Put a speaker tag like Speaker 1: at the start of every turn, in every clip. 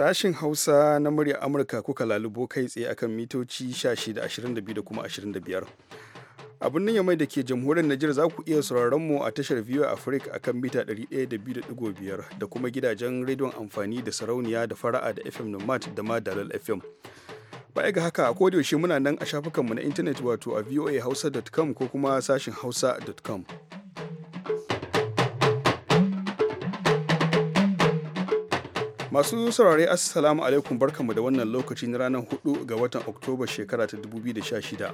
Speaker 1: Sashin Hausa na murya Amurka kuka lalubo kai tsaye akan mitoci 16, da kuma 25. abin nan mai da ke jamhuriyar Najeriya za ku iya sauraron mu a tashar Viewer Africa akan mita 102.5 da kuma gidajen rediyon amfani da sarauniya da fara'a da FM Nomad da ma Dalal FM. Baya ga haka a yaushe muna nan a shafukanmu na intanet wato a voahausa.com ko kuma sashin hausa.com. Masu saurare Assalamu alaikum barkanmu da wannan lokaci na ranar 4 ga watan Oktoba shekara ta 2016.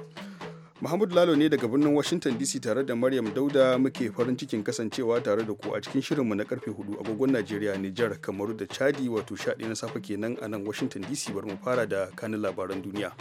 Speaker 1: Muhammadu Lalo ne daga birnin Washington DC tare da Maryam Dauda muke farin cikin kasancewa tare da ku a cikin shirinmu na karfe 4 agogon Najeriya, Nijar, Kamaru da Chadi wato shaɗi na safe kenan a nan Washington DC bari mu fara da kanin labaran duniya.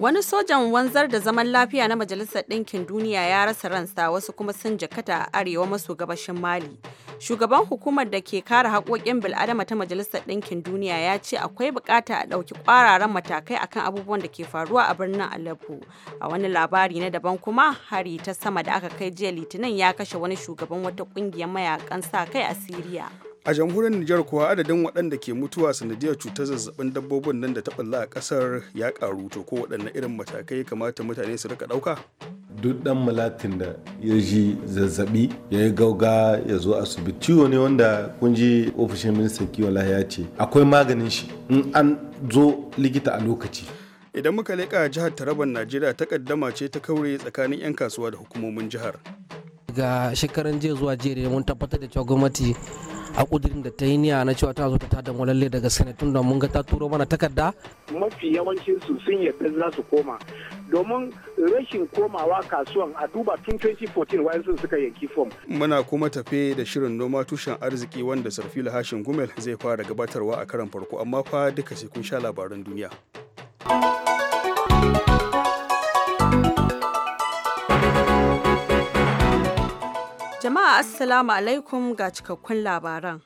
Speaker 2: Wani sojan wanzar da zaman lafiya na Majalisar Ɗinkin Duniya ya rasa ransa wasu kuma sun jakata a arewa maso gabashin Mali. Shugaban hukumar da ke kare haƙoƙin bil'adama ta Majalisar Ɗinkin Duniya ya ce akwai buƙata a ɗauki ƙwararan matakai akan abubuwan da ke faruwa a birnin Aleppo. A wani labari na daban kuma hari ta sama da aka kai jiya Litinin ya kashe wani shugaban wata ƙungiyar mayakan sa kai a Siriya.
Speaker 1: a jamhuriyar Nijar kuwa adadin waɗanda ke mutuwa sanadiyar cutar zazzabin dabbobin nan da ta a ƙasar ya ƙaru to ko waɗanne irin matakai kamata mutane su rika ɗauka? Duk dan
Speaker 3: malatin da ya ji zazzabi ya yi gauga ya zo asibiti ciwo ne wanda kun ji ofishin ministan kiwon lafiya ce akwai maganin shi in an zo likita a lokaci.
Speaker 1: Idan muka leƙa jihar Taraban Najeriya takaddama ce ta kaure tsakanin 'yan kasuwa da hukumomin jihar.
Speaker 4: ga shekaran jiya zuwa jiya da mun tabbatar da cewa gwamnati a kudirin da ta yi niyya na cewa ta zo ta tada mu daga sanatun da mun ga ta turo mana takarda mafi yawancin su sun
Speaker 5: yarda za su koma domin rashin komawa kasuwan a duba tun 2014 sun suka yanki fom
Speaker 1: muna kuma tafe da shirin noma tushen arziki wanda sarfila hashin gumel zai fara gabatarwa a karan farko amma fa duka sai kun sha labaran duniya thank you
Speaker 2: assalamu alaikum ga cikakkun labaran.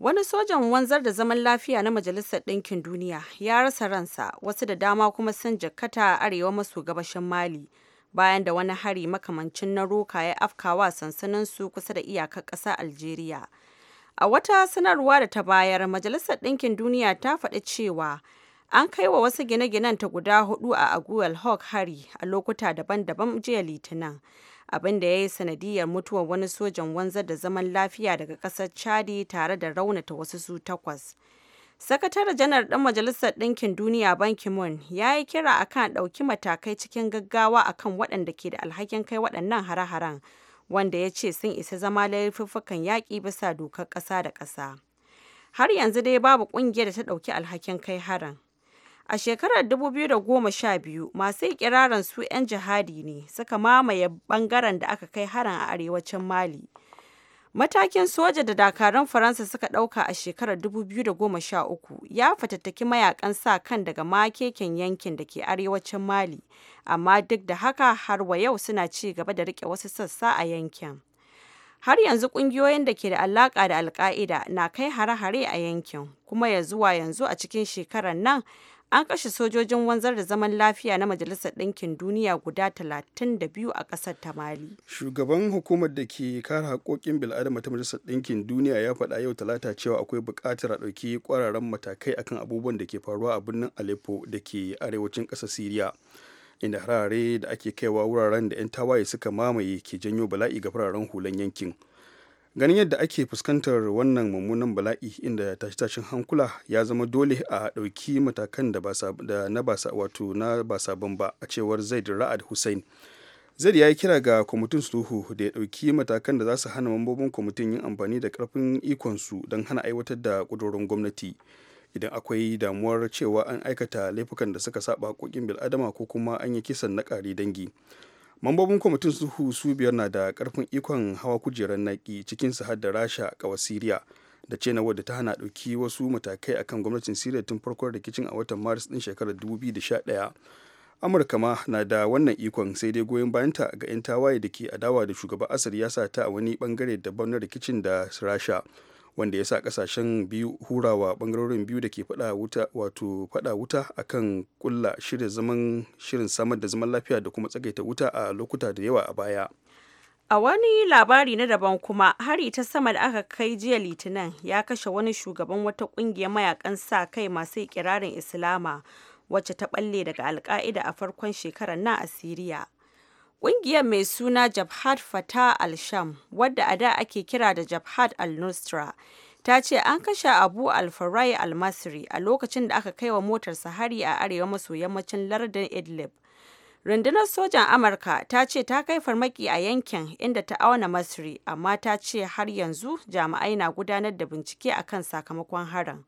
Speaker 2: Wani sojan wanzar da zaman lafiya na Majalisar Ɗinkin Duniya ya rasa ransa wasu da dama kuma sun jakkata a arewa maso gabashin Mali bayan da wani hari makamancin na roka ya afkawa su kusa da iyakar ƙasa Algeria. A wata sanarwa da ta bayar, Majalisar Ɗinkin Duniya ta faɗi cewa an kai wa wasu gine-ginen ta guda hudu a Aguel Hawk hari a lokuta daban-daban jiya Litinin. abin da ya yi sanadiyar mutuwar wani sojan wanzar da zaman lafiya daga kasar chadi tare da raunata wasu su takwas sakatare janar ɗan majalisar ɗinkin duniya ban moon ya yi kira akan ɗauki matakai cikin gaggawa akan waɗanda ke da alhakin kai waɗannan hare-haren wanda ya ce sun isa zama laifuffukan yaƙi bisa dokar ƙasa da ƙasa har yanzu dai babu ƙungiyar da ta ɗauki alhakin kai harin A shekarar 2012, masu ikirarin su 'yan jihadi ne suka mamaye bangaren da aka kai harin a arewacin Mali. Matakin soja da dakarun Faransa suka ɗauka a shekarar 2013 ya fatattaki mayakan sa kan daga makeken yankin da ke arewacin Mali, amma duk da haka har wa yau suna ci gaba da rike wasu sassa a yankin. Har yanzu ƙungiyoyin da ke da alaƙa da Alƙa'ida na kai hare-hare a yankin, kuma ya zuwa yanzu a cikin shekarar nan An kashe sojojin wanzar da zaman lafiya na Majalisar Ɗinkin Duniya guda 32 a ƙasar ta Mali.
Speaker 1: Shugaban hukumar da ke kare haƙoƙin bil'adama ta Majalisar Ɗinkin Duniya ya faɗa yau Talata cewa akwai buƙatar a ɗauki ƙwararren matakai akan abubuwan da ke faruwa a birnin Aleppo da ke arewacin ƙasar Siriya. Inda harare da ake kaiwa wuraren da 'yan tawaye suka mamaye ke janyo bala'i ga fararen hulan yankin. ganin yadda ake fuskantar wannan mummunan bala'i inda tashe-tashen hankula ya zama dole a ɗauki matakan da na ba wato na ba sabon ba a cewar zaid ra'ad hussein zaid ya yi kira ga kwamitin sulhu da ya ɗauki matakan da za su hana mambobin kwamitin yin amfani da ƙarfin ikonsu don hana aiwatar da ƙudurorin gwamnati idan akwai damuwar cewa an aikata laifukan da suka saba haƙoƙin bil'adama ko kuma an yi kisan na ƙari dangi mambobin kwamitin suhu su biyar na da karfin ikon hawa kujerar naki cikin su da rasha kawa siriya da ce na wadda ta hana ɗauki wasu matakai akan gwamnatin siriya tun farkon rikicin a watan maris din shekarar 2011 amurka ma na da wannan ikon sai dai goyon bayanta ga 'yan tawaye da ke adawa da shugaban asar ya sa ta a wani bangare daban na rikicin da rasha wanda ya sa kasashen biyu hurawa bangarorin biyu da ke fada wuta wato fada wuta akan kulla shirin zaman shirin samar da zaman lafiya da kuma tsagaita wuta a lokuta da yawa a baya
Speaker 2: a wani labari na daban kuma hari ta sama da aka kai jiya litinin ya kashe wani shugaban wata kungiyar mayakan sa kai masu ikirarin islama wacce ta balle daga alka'ida a farkon shekarar nan a siriya Ƙungiyar mai suna Jabhat Fatah al-Sham, wadda a da ake kira da Jabhat al-Nusra, ta ce an kashe Abu al-Farai al-Masri a lokacin da aka kai wa motarsa hari a arewa maso yammacin lardin Idlib. Rundunar sojan Amurka ta ce ta kai farmaki a yankin inda ta auna Masri, amma ta ce har yanzu jami'ai na gudanar da bincike akan sakamakon harin.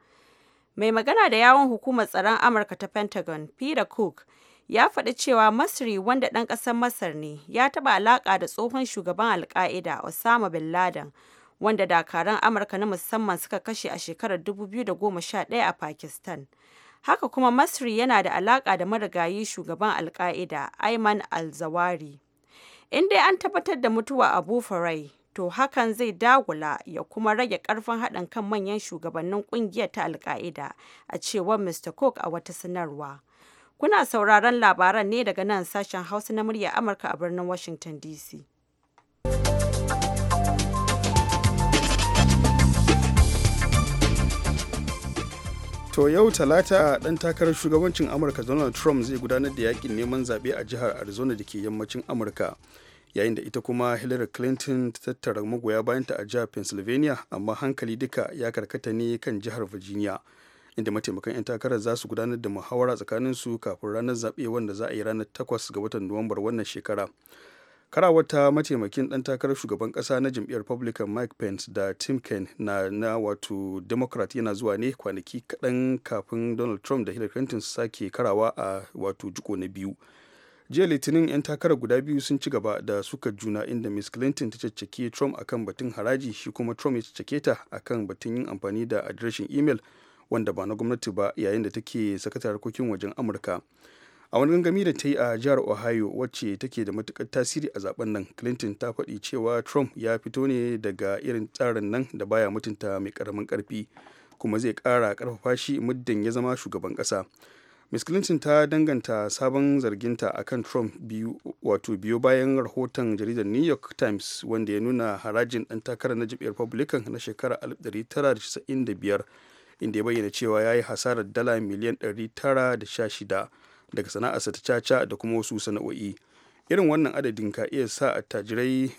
Speaker 2: Mai magana da yawon hukumar tsaron Amurka ta Pentagon, Peter Cook, ya faɗi cewa Masri wanda ɗan ƙasar Masar ne ya taɓa alaƙa da tsohon shugaban Al-Qaeda Osama bin Laden wanda dakaran Amurka na musamman suka kashe a shekarar 2011 a Pakistan. Haka kuma Masri yana da alaƙa da marigayi shugaban Al-Qaeda Ayman al-Zawari. In dai an tabbatar da mutuwa Abu Farai, to hakan zai dagula ya kuma rage ƙarfin haɗin kan manyan shugabannin ƙungiyar ta al a cewar Mr. Cook a wata sanarwa. Kuna sauraron labaran ne daga nan sashen Hausa na murya Amurka a birnin Washington DC.
Speaker 1: To yau talata a ɗan takarar shugabancin Amurka Donald Trump zai gudanar da yakin neman zaɓe a jihar Arizona da ke yammacin Amurka. Yayin da ita kuma Hillary Clinton ta tattara magoya bayanta a jihar Pennsylvania amma hankali duka ya karkata ne kan jihar Virginia. inda mataimakan 'yan takarar za su gudanar da muhawara tsakanin su kafin ranar zaɓe wanda za a yi ranar takwas ga watan nuwambar wannan shekara karawar ta mataimakin ɗan takarar shugaban ƙasa na jam'iyyar republican mike pence da tim ken na, na wato democrat yana zuwa ne kwanaki kaɗan kafin donald trump da hillary clinton su sake karawa a wato jiko na biyu jiya litinin 'yan takarar guda biyu sun ci gaba da suka juna inda miss clinton ta caccake trump akan batun haraji shi kuma trump ya caccake ta akan batun yin amfani da adireshin imel wanda ba na gwamnati ba yayin da take sakatar harkokin wajen amurka a wani gangami da ta yi a jihar ohio wacce take da matukar tasiri a zaben nan clinton ta faɗi cewa trump ya fito ne daga irin tsarin nan da baya mutunta mai karamin karfi kuma zai ƙara ƙarfafa shi muddin ya zama shugaban ƙasa miss clinton ta danganta sabon zarginta a kan trump biyu wato biyo bayan rahoton jaridar new york times wanda ya nuna harajin ɗan takarar na jam'iyyar republican na shekarar 1995 inda ya bayyana cewa ya yi hasarar dala miliyan 916 daga sana'arsa ta caca da kuma wasu sana'o'i irin wannan adadin ka iya sa a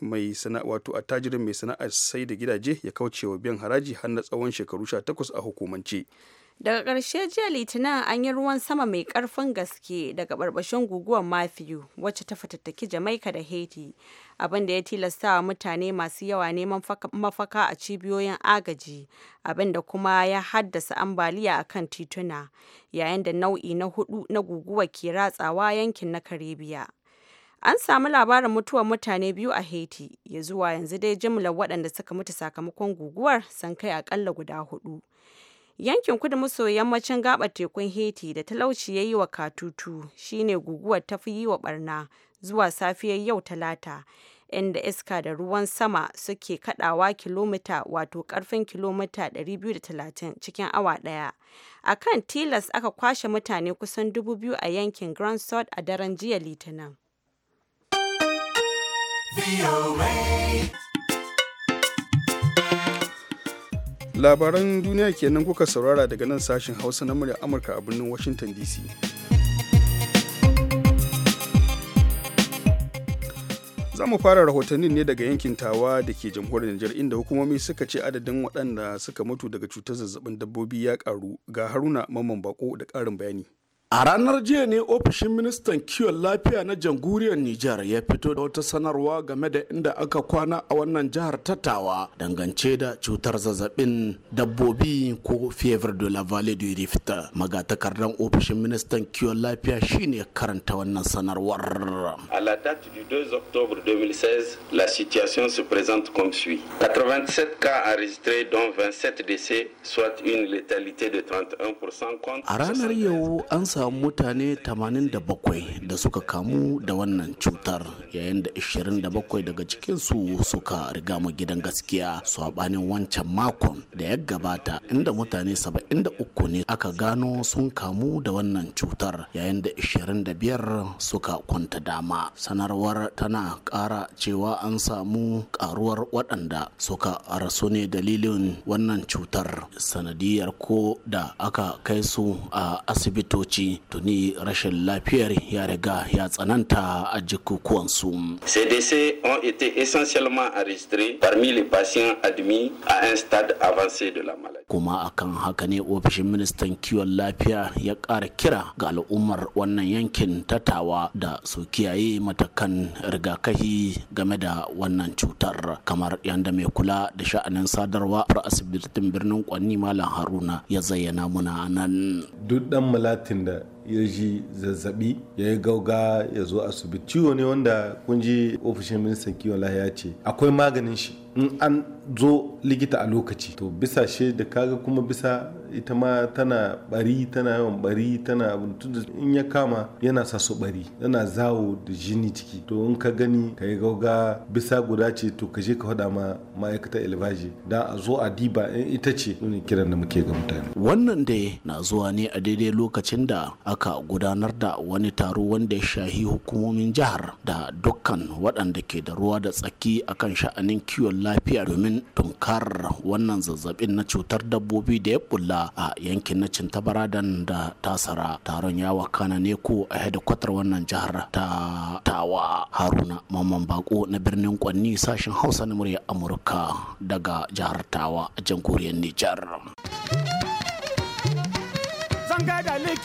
Speaker 1: mai wato attajirin mai sana'ar sai da gidaje ya kauce wa biyan haraji har na tsawon shekaru 18 a hukumance
Speaker 2: Daga ƙarshe jiya Litinin an yi ruwan sama mai ƙarfin gaske daga ɓarɓashin guguwar Matthew wacce ta fatattaki Jamaika da Haiti, abin da ya tilasta wa mutane masu yawa neman mafaka a cibiyoyin agaji, abin da kuma ya haddasa ambaliya a kan tituna, yayin da nau'i na hudu na guguwa ke ratsawa yankin na Karibiya. An samu labarin mutuwar mutane biyu a Haiti, ya zuwa yanzu dai jimlar waɗanda suka mutu sakamakon guguwar sun kai aƙalla guda hudu. yankin kudu maso yammacin gabar tekun haiti da talauci ya yi wa katutu shine guguwar ta fi yi wa barna zuwa safiyar yau talata inda iska da ruwan sama suke kadawa kilomita wato karfin kilomita 230 cikin awa daya kan tilas aka kwashe mutane kusan 2000 a yankin grand sod a daren jiya litinin
Speaker 1: labaran duniya kenan kuka saurara daga nan sashen hausa na murya amurka a birnin washington dc za mu fara rahotannin ne daga yankin tawa da ke jamhuriyar Nijar inda hukumomi suka ce adadin waɗanda suka mutu daga cutar zazzabin dabbobi ya karu ga haruna mamman bako da ƙarin bayani A ranar jiya ne ofishin ministan kiwon lafiya na jamhuriyar Nijar ya fito da wata sanarwa game da inda aka
Speaker 3: kwana a wannan jihar Tattawa dangance da cutar zazzabin dabbobi ko fever de la Vallée du Rift. Magatakardan ofishin ministan kiwon lafiya shine karanta wannan sanarwar.
Speaker 5: A la date du 2 octobre 2016, la situation se présente comme suit. 87 cas enregistrés dont 27 décès, soit une létalité de 31% contre A ranar
Speaker 3: yau an samu mutane 87 da suka kamu da wannan cutar yayin da 27 daga cikinsu suka riga mu gidan gaskiya saɓanin wancan makon da ya gabata inda mutane 73 ne aka gano sun kamu da wannan cutar yayin da 25 suka kwanta dama sanarwar tana ƙara cewa an samu ƙaruwar waɗanda suka rasu ne dalilin wannan cutar sanadiyar ko da aka kai su a asibitoci tuni rashin lafiyar ya riga ya tsananta a jikukuwansu.
Speaker 5: CDC on ont été essentiellement enregistrés parmi les patients admis a un stade avancé de la maladie.
Speaker 3: Kuma akan haka ne ofishin ministan kiwon lafiya ya ƙara kira ga al'ummar wannan yankin tatawa da su kiyaye matakan rigakafi game da wannan cutar kamar yadda mai kula da sha'anin sadarwa a asibitin birnin kwanni malam haruna ya zayyana muna nan. Duk dan malatin da that ya ji zazzabi ya yi gauga ya zo asibiti ciwo ne wanda kunji ji ofishin ministan kiwon lahiya ce akwai maganin shi in an zo likita a lokaci to bisa shi da kaga kuma bisa ita ma tana bari tana yawan bari tana abin in ya kama yana sa su bari yana zawo da jini ciki to in ka gani ka yi gauga bisa guda ce to ka je ka faɗa ma ma'aikatar ilbaji da a zo a diba in eh, ita ce ne kiran da muke ga mutane wannan dai na zuwa ne a daidai lokacin da a aka gudanar da wani taro wanda ya shahi hukumomin jihar da dukkan waɗanda ke da ruwa da tsaki akan sha'anin kiwon lafiya domin tunkarar wannan zazzabin na cutar dabbobi da ya bulla a yankin na cintabaradan da tasara taron ya wakana ne ko a hedikwatar wannan jihar ta tawa haruna mamman bako na birnin kwanni sashen hausa na murya amurka daga jihar tawa a jamhuriyar nijar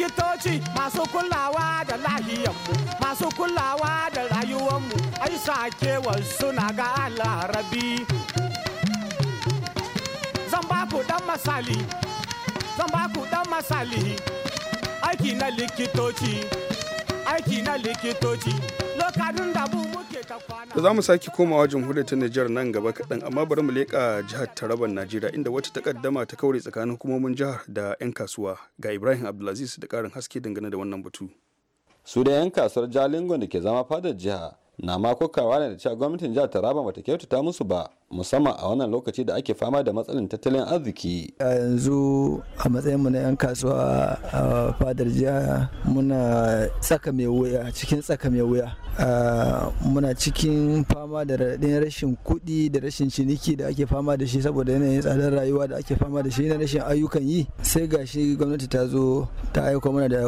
Speaker 5: likitoci masu kulawa da lahiyanmu masu kulawa da rayuwanmu ai sakewar suna ga alarabi zan ba ku dan masali zan ba ku dan masali aiki na likitoci aiki likitoci lokacin da mu muke
Speaker 1: Za mu sake komawa jamhuriyar ta Nijar nan gaba kadan amma bari mu leka jihar Taraban Najeriya inda wata takaddama ta kaure tsakanin hukumomin jihar da 'yan kasuwa ga Ibrahim Abdulaziz da karin haske dangane da wannan batu. Su da 'yan kasuwar Jalingo da ke zama fadar jiha na ma kokawa ne da cewa gwamnatin jihar taraba bata
Speaker 6: kyautata musu ba musamman a wannan lokaci da ake fama da matsalin tattalin arziki
Speaker 5: a yanzu a matsayin mu na 'yan kasuwa a fadar jiya muna tsaka mai wuya cikin tsaka mai wuya muna cikin fama da raɗin rashin kuɗi da rashin ciniki da ake fama da shi saboda yanayin tsadar rayuwa da ake fama da shi na rashin ayyukan yi sai gashi gwamnati ta zo ta aiko mana da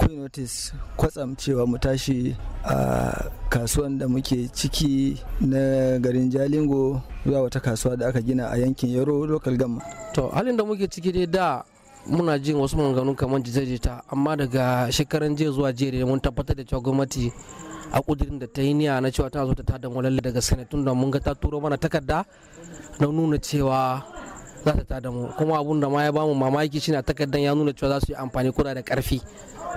Speaker 5: akwai notice kwatsam cewa mu tashi a kasuwan da muke ciki na garin jalingo zuwa wata kasuwa da aka gina a yankin yaro local gama.
Speaker 4: to halin da muke ciki dai da muna jin wasu maganganu kamar jita-jita amma daga shekaran jiya zuwa jiya mun tabbatar da cewa gwamnati a kudirin da ta yi niyya na cewa ta zo ta tada walalle daga sanatun da mun ga ta turo mana takarda na nuna cewa za ta tada mu kuma abun da ma ya bamu mamaki shine a takardar ya nuna cewa za su yi amfani kuda da karfi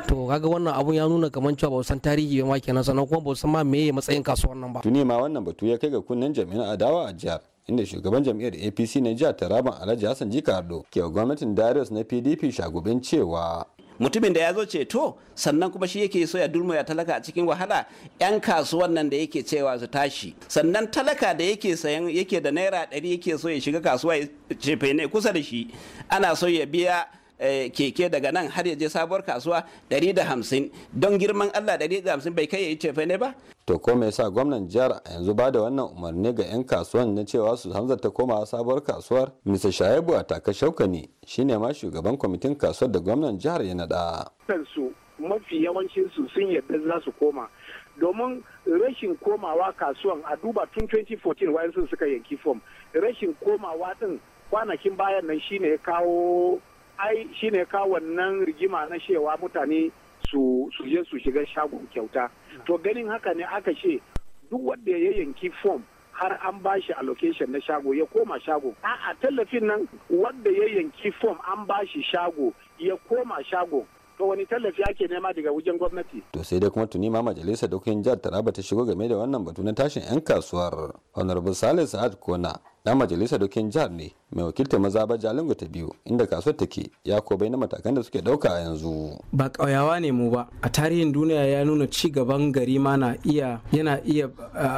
Speaker 4: to kaga wannan abun ya nuna kamar cewa ba san tarihi ba ma kenan sannan kuma ba san ma meye matsayin kasuwar nan ba
Speaker 6: tuni ma wannan batu ya kai ga kunnen jami'an adawa a jihar inda shugaban jam'iyyar apc na jihar taraban alhaji hassan jikardo ke gwamnatin darius na pdp shagubin cewa
Speaker 7: mutumin da ya zo ceto sannan kuma shi yake so ya dulma ya talaka a cikin wahala yan kasuwan nan da yake cewa su tashi sannan talaka da yake sayan yake da naira ɗari yake so ya shiga kasuwa ya ce ne kusa da shi ana so ya biya Eh, keke daga nan har ya je sabuwar kasuwa 150 don girman Allah 150 bai kai ya yi cefe ne ba
Speaker 6: to ko me yasa gwamnan jihar a yanzu ba da wannan umarni ga 'yan kasuwan na cewa su ta komawa sabuwar kasuwar mr shaibu a taka shi ne ma shugaban kwamitin kasuwar da gwamnan jihar ya naɗa.
Speaker 4: su mafi yawancin sun
Speaker 5: yarda za su koma domin rashin komawa kasuwan a duba tun 2014 sun suka yanki fom rashin komawa din kwanakin bayan nan shine ya kawo ai shine ka wannan rigima na shewa mutane su su je su shiga shagon kyauta mm. to ganin haka ne aka ce duk wanda ya yanki form har an bashi allocation na shago ya koma shago a tallafin nan wanda ya yanki form an bashi shago ya koma shago to wani tallafi ake nema daga wajen gwamnati. To
Speaker 6: sai dai kuma tuni ma majalisar dokokin jihar Taraba ta shigo game da wannan batu na tashin 'yan kasuwar. Honorable salisu adkona. Kona na majalisa dokin jihar ne mai wakiltar maza ba jalingo ta biyu inda kasuwar take ya ko bai na matakan da suke dauka a yanzu
Speaker 4: ba ƙauyawa ne mu ba a tarihin duniya ya nuna ci gaban gari ma na iya yana iya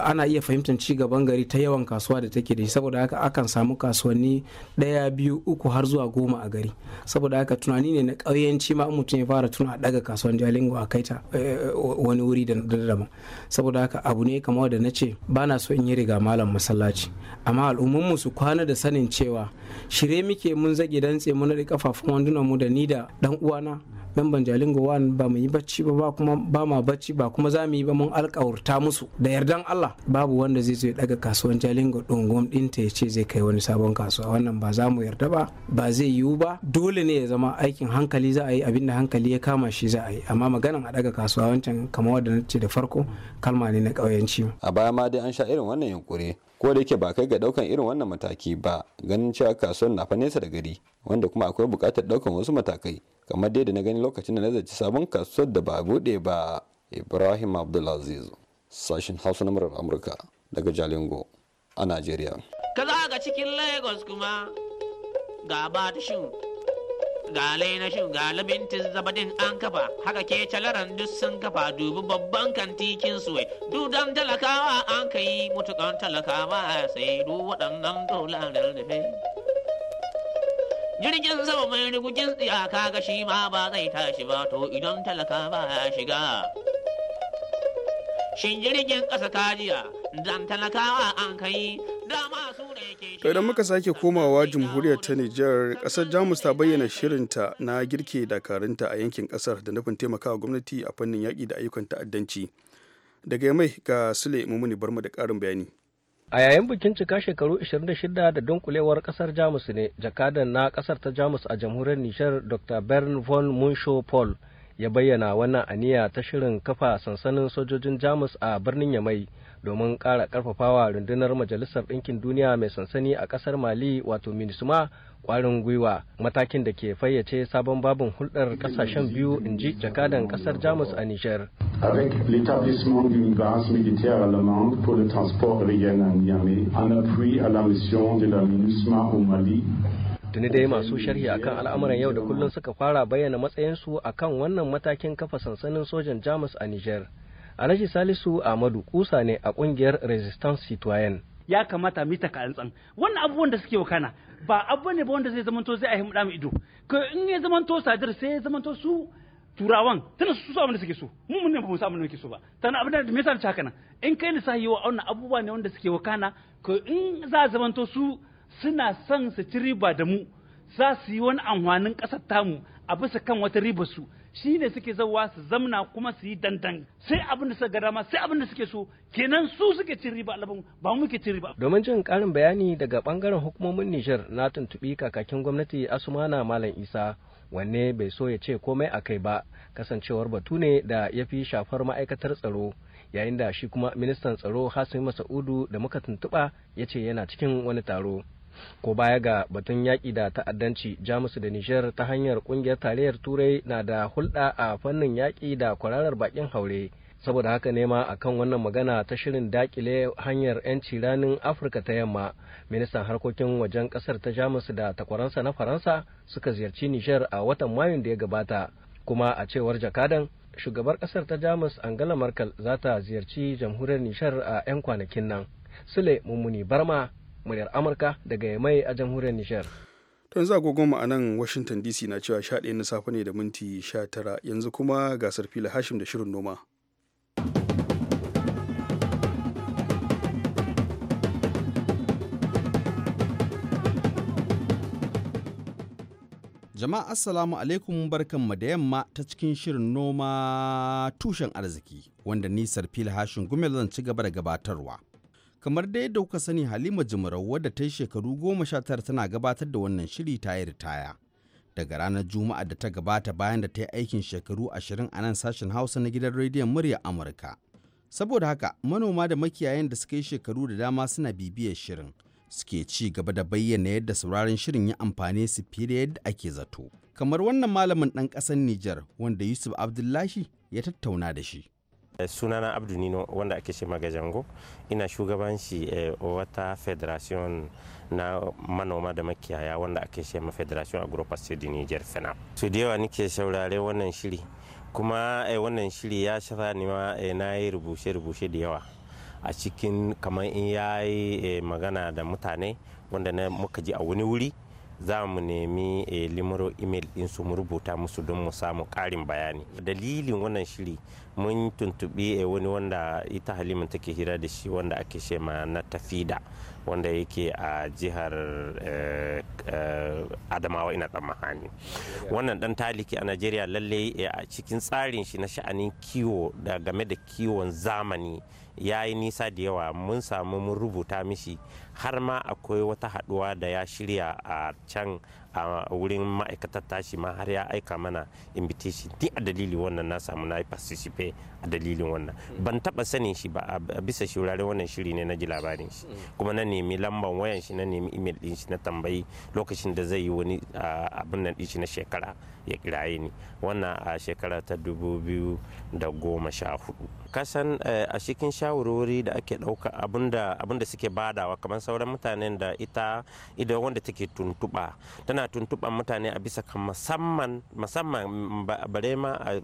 Speaker 4: ana iya fahimtar ci gaban gari ta yawan kasuwa da take da shi saboda haka akan samu kasuwanni ɗaya biyu uku har zuwa goma a gari saboda haka tunani ne na kauyanci ma mutum ya fara tuna a daga kasuwan jalingo a kaita eh, wani wuri da daban saboda haka abu ne kamar da na ce ba na so in yi riga malam masallaci amma al'umma domin mu su kwana da sanin cewa shirye muke mun zage tse mun da kafafun wandunan mu da ni da dan uwana dan jalingo wan ba mu yi bacci ba ba kuma ba ma bacci ba kuma za mu yi ba mun alƙawarta musu da yardan Allah babu wanda zai zo ya daga kasuwan jalingo din ta ya ce zai kai wani sabon kasuwa wannan ba za mu yarda ba ba zai yiwu ba dole ne ya zama aikin hankali za a yi abinda hankali ya kama shi za a yi amma maganan a daga kasuwa wancan kamar wadda na ce da farko kalma ne na ƙauyenci
Speaker 6: a baya ma dai an sha irin wannan yunkuri ko da yake ba kai ga daukan irin wannan mataki ba ganin cewa kasuwar na fa nesa da gari wanda kuma akwai bukatar daukan wasu matakai kamar dai da na gani lokacin da na zaci sabon kasuwar da ba bude ba ibrahim abdulaziz sashin hausa na murar amurka daga jalingo a najeriya
Speaker 7: ka
Speaker 4: za ga cikin lagos kuma ga batashin
Speaker 7: ga na shin galibin an kafa haka ke calaran duk sun kafa dubi babban kantikin duk dudan talakawa an kai mutu mutukan talakawa
Speaker 8: sai du waɗannan dolarar da jirgin sama mai rigugin tsiyaka ga shi ma ba zai tashi ba to idan ba ya shiga
Speaker 7: shin jirgin ƙasa kajiya dan talakawa an kai
Speaker 1: to idan muka sake komawa jamhuriyar ta nijar kasar jamus ta bayyana shirinta na girke dakarunta a yankin kasar da nufin taimakawa gwamnati a fannin yaƙi da ayyukan ta'addanci daga mai ga sule mumuni barma da ƙarin bayani
Speaker 9: a yayin bikin cika shekaru 26 da dunkulewar kasar jamus ne jakadan na kasar ta jamus a jamhuriyar Nijar dr bern von munsho paul ya bayyana wannan aniya ta shirin kafa sansanin sojojin jamus a birnin yamai domin ƙara ƙarfafawa rundunar majalisar ɗinkin duniya mai sansani a ƙasar mali wato minisma ƙwarin gwiwa matakin da ke fayyace sabon babin hulɗar ƙasashen biyu in ji jakadan ƙasar jamus a nijar tuni dai masu sharhi akan al'amuran yau da kullum suka fara bayyana matsayinsu akan wannan matakin kafa sansanin sojan jamus a niger Alhaji Salisu Ahmadu kusa ne a kungiyar Resistance Citoyen. Ya kamata mu ta tsan. Wannan abubuwan da suke wakana ba abu ne ba wanda zai zamanto zai a da mu ido. Ko in ya zamanto sadar sai ya zamanto su turawan tana su su abin da suke so mu mun ne ba mu samu ne so ba tana abin da me yasa ta kana in kai sai wa wannan abubuwa ne wanda suke wakana ko in za zamanto su suna son su ci riba da mu za su yi wani amfanin kasar tamu a bisa kan wata ribar su shi ne suke zawa su zamna kuma su yi dandan sai abin da suka ga dama sai abin da suke so kenan su suke cin riba alabin ba mu ke cin riba domin jin karin bayani daga bangaren hukumomin Nijar na tuntubi kakakin gwamnati Asumana Malam Isa wanne bai so ya ce komai a kai ba kasancewar batu ne da ya fi shafar ma'aikatar tsaro yayin da shi kuma ministan tsaro Hassan Masaudu da muka tuntuba ya ce yana cikin wani taro ko baya ga batun yaƙi da ta'addanci jamus da nijar ta hanyar ƙungiyar tarayyar turai na da hulɗa a fannin yaƙi da kwararar baƙin haure saboda haka ne nema akan wannan magana ta shirin dakile hanyar 'yanci ranin afirka ta yamma ministan harkokin wajen ƙasar ta jamus da takwaransa na faransa suka ziyarci nijar a watan mayun da ya gabata kuma a cewar jakadan shugabar ƙasar ta jamus angela merkel za ta ziyarci jamhuriyar nishar a 'yan kwanakin nan sule mummuni barma muryar amurka daga mai a jamhuriyar nishar
Speaker 1: yanzu agogon mu a nan washington dc na cewa 11 na safe ne da minti 19 yanzu kuma ga fila hashim da shirin noma
Speaker 5: jama'a assalamu alaikum barkanmu da yamma ta cikin shirin noma tushen arziki wanda ni sarfil hashin gumel zan ci gaba da gabatarwa kamar da yadda kuka sani halima jimarau wadda ta yi shekaru goma sha tara tana gabatar da wannan shiri ta yi ritaya daga ranar juma'a da ta gabata bayan da ta yi aikin shekaru ashirin a nan sashen hausa na gidan rediyon murya amurka saboda haka manoma da makiyayan da suka yi shekaru da dama suna bibiyar shirin suke ci gaba da bayyana yadda sauraron shirin ya amfane su fiye da yadda ake zato
Speaker 7: kamar wannan malamin ɗan ƙasar Nijar wanda Yusuf Abdullahi ya tattauna da shi. Eh, sunana abdu nino wanda ake shi magajango ina shugabanci eh, wata federation na manoma da makiyaya wanda ake shi ma federation di niger fena su da yawa nike saurare wannan shiri kuma eh, wannan shiri ya shafa ni ma na yi rubuce-rubuce da yawa a cikin kamar in ya yi magana da mutane wanda muka ji a wani wuri za mu nemi e, eh, limuro email su mu rubuta musu don mu samu karin bayani dalilin wannan shiri mun tuntuɓi e, wani wanda ita halima take hira da shi wanda ake ma na tafida wanda yake a jihar eh, adamawa ina ɗan mahani wannan dan taliki a najeriya lalle a cikin tsarin shi na sha'anin kiwo da game da kiwon zamani ya yi nisa da yawa mun samu mun rubuta mishi har ma akwai wata haduwa da ya shirya a can a wurin ma'aikatar tashi ma har ya aika mana invitation ni a dalilin wannan na samu na yi participate a dalilin wannan ban taba sanin shi ba a bisa shurare wannan shiri ne na ji labarin shi kuma na nemi lamban wayan shi na nemi email din shi na tambayi lokacin da zai yi wani abin nan din shi na shekara ya kiraye ni wannan a shekara ta dubu biyu da goma sha hudu kasan eh, a cikin shawarwari da ake ɗauka abinda suke badawa kamar sauran mutanen da ita idan wanda take tuntuba tana tuntuɓan mutane a bisa kan musamman musamman barema a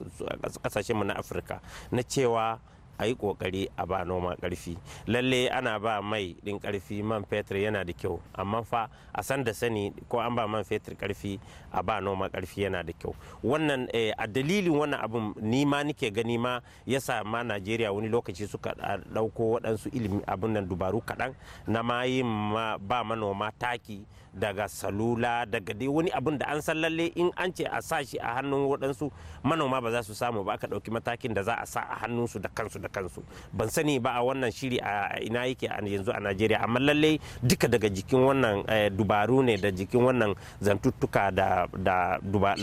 Speaker 7: ƙasashenmu na afirka na cewa a yi kokari a ba noma karfi lalle ana ba mai din karfi man fetur yana da kyau amma fa a san da sani ko an ba man fetur karfi a ba noma karfi yana da kyau wannan eh, a dalilin wannan abun ni ma nike gani ma yasa ma najeriya wani lokaci suka ɗauko waɗansu ilimi abin nan dubaru kaɗan na ma yi ba manoma taki daga salula daga dai wani abin da an san lalle in an ce a sa shi a hannun waɗansu manoma ba za su samu ba aka ɗauki matakin da za a sa a hannunsu da kansu da kansu ban sani ba a wannan shiri a ina yake a yanzu a najeriya amma lalle duka daga jikin wannan eh, dubaru ne da jikin wannan zantuttuka da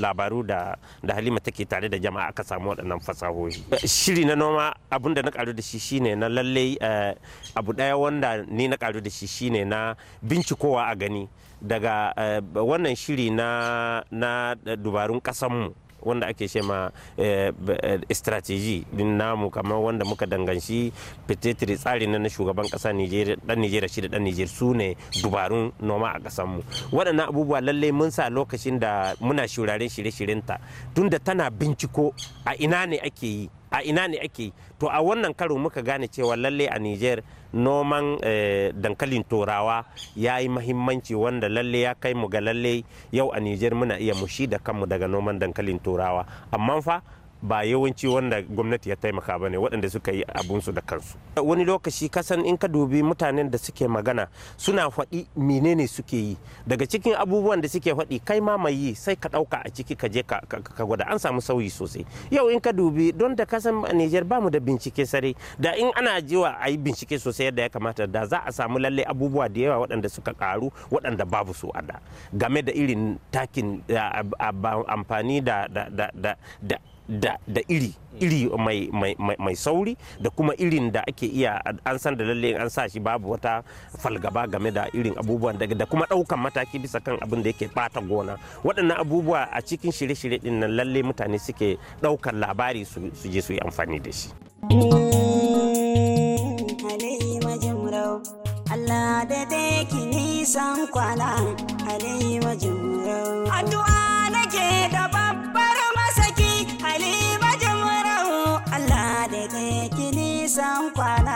Speaker 7: labaru da halima take tare da jama'a aka samu waɗannan fasahohi shiri na noma abin da na karu da shi shine na lalle eh, abu ɗaya wanda ni na karu da shi shine na bincikowa a gani daga eh, wannan shiri na dubarun kasanmu wanda ake ma eh, strategy din namu kamar wanda muka danganci petitri tsari na na shugaban kasa dan nigeria shi da dan nigeria su ne dubarun noma a kasanmu waɗannan abubuwa lallai mun sa lokacin da muna shuraren shirye-shiryenta tunda tana binciko a ina ne ake yi a ina ne ake to a wannan karo muka gane cewa lalle a niger noman eh, dankalin turawa ya yi mahimmanci wanda lalle ya kai mu ga lalle yau a nijar muna iya mushi da kanmu daga noman dankalin turawa amma fa ba yawanci wanda gwamnati ya taimaka ba ne waɗanda suka yi abunsu da kansu wani lokaci kasan in ka dubi mutanen da suke magana suna faɗi menene suke yi daga cikin abubuwan da suke faɗi kai ma mai yi sai ka ɗauka a ciki ka je ka gwada an samu sauyi sosai yau in ka dubi don da kasan Nijar ba mu da bincike sare da in ana jiwa a yi bincike sosai yadda ya kamata da za a samu lalle abubuwa da yawa waɗanda suka ƙaru waɗanda babu su a da game da irin takin amfani da da, da iri iri mai, mai, mai, mai sauri da kuma irin da ake iya an san da lalle an sa shi babu wata falgaba game da irin abubuwan da, da kuma ɗaukan mataki bisa kan abin da yake bata gona waɗannan abubuwa a cikin shirye-shirye din nan lalle mutane suke ɗaukan labari su, su je su yi amfani da shi.
Speaker 2: Allah da kwana, kwana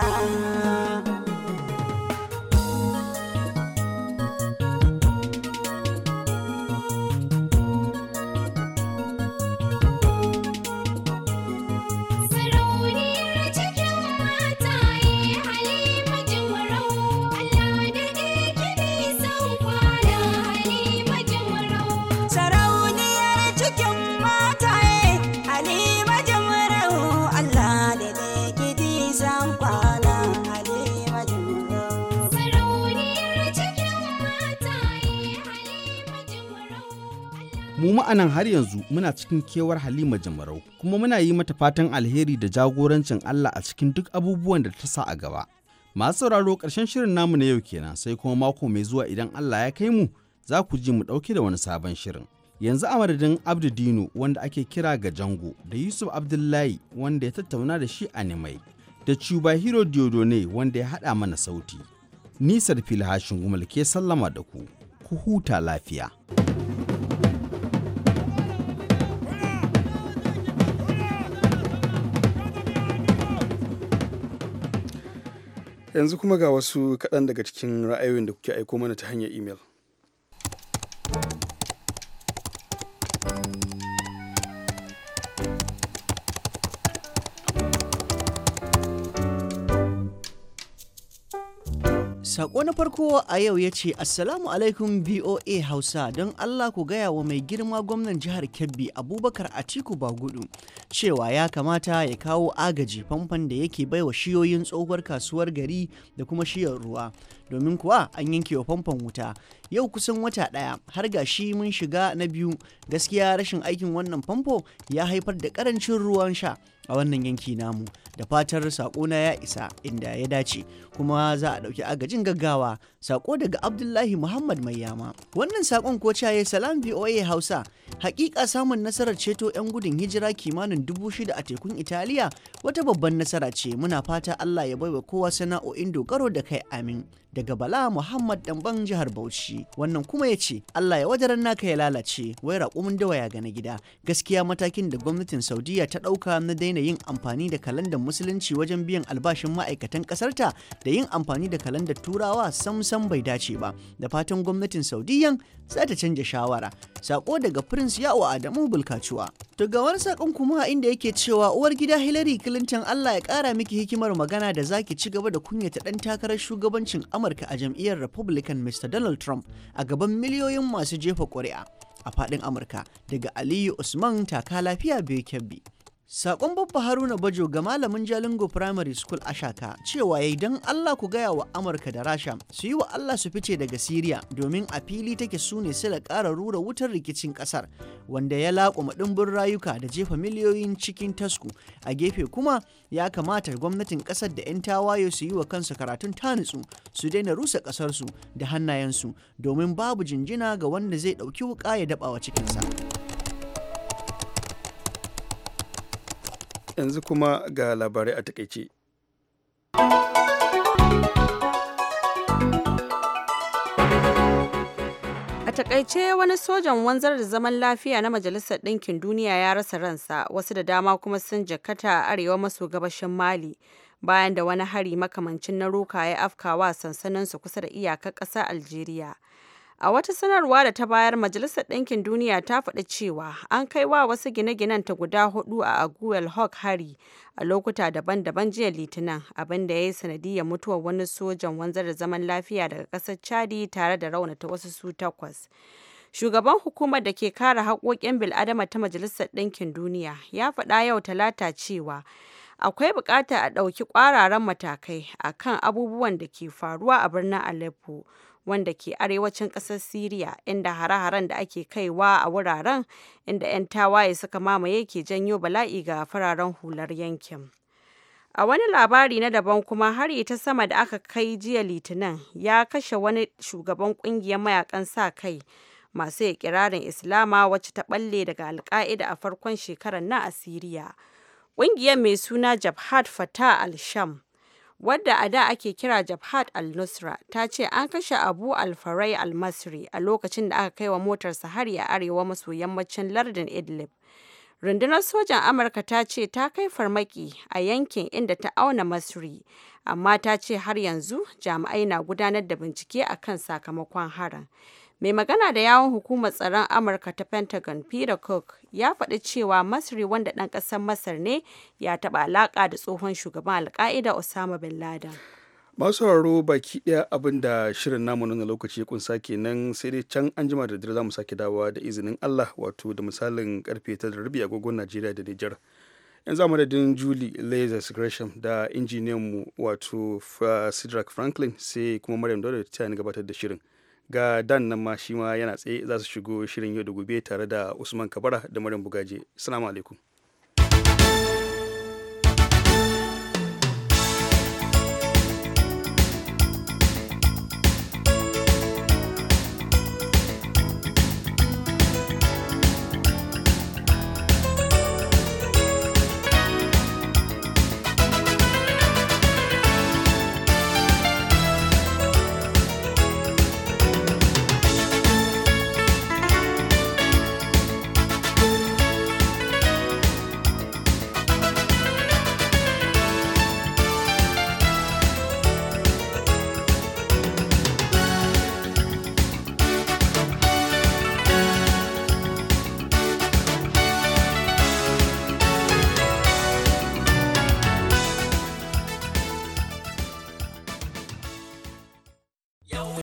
Speaker 5: a nan har yanzu muna cikin kewar Halima Jamarau kuma muna yi mata fatan alheri da jagorancin Allah a cikin duk abubuwan da ta sa a gaba. Masu sauraro ƙarshen shirin namu na yau kenan sai kuma mako mai zuwa idan Allah ya kai mu za ku ji mu ɗauke da wani sabon shirin. Yanzu a madadin Abdu wanda ake kira ga Jango da Yusuf Abdullahi wanda ya tattauna da shi a Nimai da Cuba Hero Diodone wanda ya haɗa mana sauti. Nisar filhashin gumal ke sallama da ku, ku huta lafiya.
Speaker 1: yanzu kuma ga wasu kaɗan daga cikin ra'ayoyin da kuke aiko mana ta hanyar imel.
Speaker 8: Sako na farko a yau ya ce Assalamu alaikum BOA Hausa don Allah ku gaya wa mai girma gwamnan jihar Kebbi Abubakar Atiku Bagudu cewa ya kamata ya kawo agaji famfan da yake baiwa shiyoyin tsohuwar kasuwar gari da kuma shiyar ruwa. domin kuwa an yanke wa famfon wuta yau kusan wata ɗaya har ga shi mun shiga na biyu gaskiya rashin aikin wannan famfo ya haifar da karancin ruwan sha a wannan yanki namu da fatar sako na ya isa inda ya dace kuma za a ɗauki agajin gaggawa sako daga abdullahi muhammad mai yama wannan sakon ko caye salam voa hausa hakika samun nasarar ceto 'yan gudun hijira kimanin dubu shida a tekun italiya wata babban nasara ce muna fata allah ya baiwa kowa sana'o'in dogaro da kai amin daga Bala Muhammad Damban jihar Bauchi wannan kuma ya ce Allah ya wajaran naka ya lalace wai raƙumin dawa ya gana gida gaskiya matakin da gwamnatin Saudiya ta ɗauka na daina yin amfani da kalandar musulunci wajen biyan albashin ma'aikatan ƙasarta da yin amfani da kalandar turawa samsam bai dace ba da fatan gwamnatin Saudiyan za ta canja shawara sako daga Prince Yawo Adamu Bulkacuwa to ga wani sakon kuma inda yake cewa uwar gida Hillary Clinton Allah ya kara miki hikimar magana da zaki ci gaba da kunyata dan takarar shugabancin Amurka a jam'iyyar Republican Mr. Donald Trump a gaban miliyoyin masu jefa ƙuri'a a faɗin Amurka daga Aliyu Usman taka lafiya biyu kyabbi. Sakon babba Haruna Bajo ga malamin Jalingo Primary School a shaka cewa yayi don Allah ku gaya wa Amurka da Rasha su yi wa Allah su fice daga Siriya domin a fili take su ne da ƙara rura wutar rikicin ƙasar wanda ya laƙuma ɗimbin rayuka da jefa miliyoyin cikin tasku a gefe kuma ya kamata gwamnatin ƙasar da 'yan tawaye su yi wa kansu karatun tanitsu su daina rusa ƙasarsu da hannayensu domin babu jinjina ga wanda zai ɗauki wuƙa ya wa cikinsa.
Speaker 1: yanzu kuma ga labarai a takaice
Speaker 2: a takaice wani sojan wanzar da zaman lafiya na majalisar ɗinkin duniya ya rasa ransa wasu da dama kuma sun jakata a arewa maso gabashin mali bayan da wani hari makamancin na roka ya afkawa sansaninsu kusa da iyakar ƙasar algeria A wata sanarwa da ta bayar Majalisar Ɗinkin Duniya ta faɗi cewa an kai wa wasu gine-ginen ta guda hudu a Aguel Hawk hari a lokuta daban-daban jiya Litinin, abin da ya yi sanadiyar mutuwar wani sojan wanzar da zaman lafiya daga ƙasar Chadi tare da raunata wasu su takwas. Shugaban hukumar da ke kare haƙoƙin bil'adama ta Majalisar Ɗinkin Duniya ya faɗa yau Talata cewa akwai buƙatar a ɗauki ƙwararan matakai akan abubuwan da ke faruwa a birnin Aleppo wanda ke arewacin ƙasar Siriya inda hare-haren da ake kaiwa a wuraren inda 'yan tawaye suka mamaye ke janyo bala'i ga fararen hular yankin. A wani labari na daban kuma hari ta sama da aka kai jiya Litinin ya kashe wani shugaban kungiyar mayakan sa kai masu ikirarin Islama wacce ta balle daga Alka'ida a farkon shekarar na siriya Kungiyar mai suna Jabhat Fatah al-Sham wadda a da ake kira Jabhat al-Nusra, ta ce an kashe Abu al-Farai al-Masri a lokacin da aka kai wa motarsa hari a arewa maso yammacin lardin Idlib. Rundunar sojan Amurka ta ce ta kai farmaki a yankin inda ta auna Masri, amma ta ce har yanzu jami'ai na gudanar da bincike a kan sakamakon harin. Mai magana da yawun hukumar tsaron Amurka ta Pentagon Peter Cook ya faɗi cewa Masri wanda ɗan ƙasar Masar ne ya taɓa alaƙa da tsohon shugaban alka'ida Osama bin Laden.
Speaker 1: masu sauraro baki ɗaya abin da shirin namu na lokaci kun sake nan sai dai can an jima da dare za mu sake dawa da izinin Allah wato da misalin karfe ta rabi gogon Najeriya da Nijar. yan zamu da din Julie Lazarus Gresham da injiniyan mu wato Sidrak Franklin sai kuma Maryam Dole ta gabatar da shirin. ga dan nan ma shi ma yana tsaye za su shigo shirin yau da gobe tare da usman kabara da maryam bugaje salamu alaikum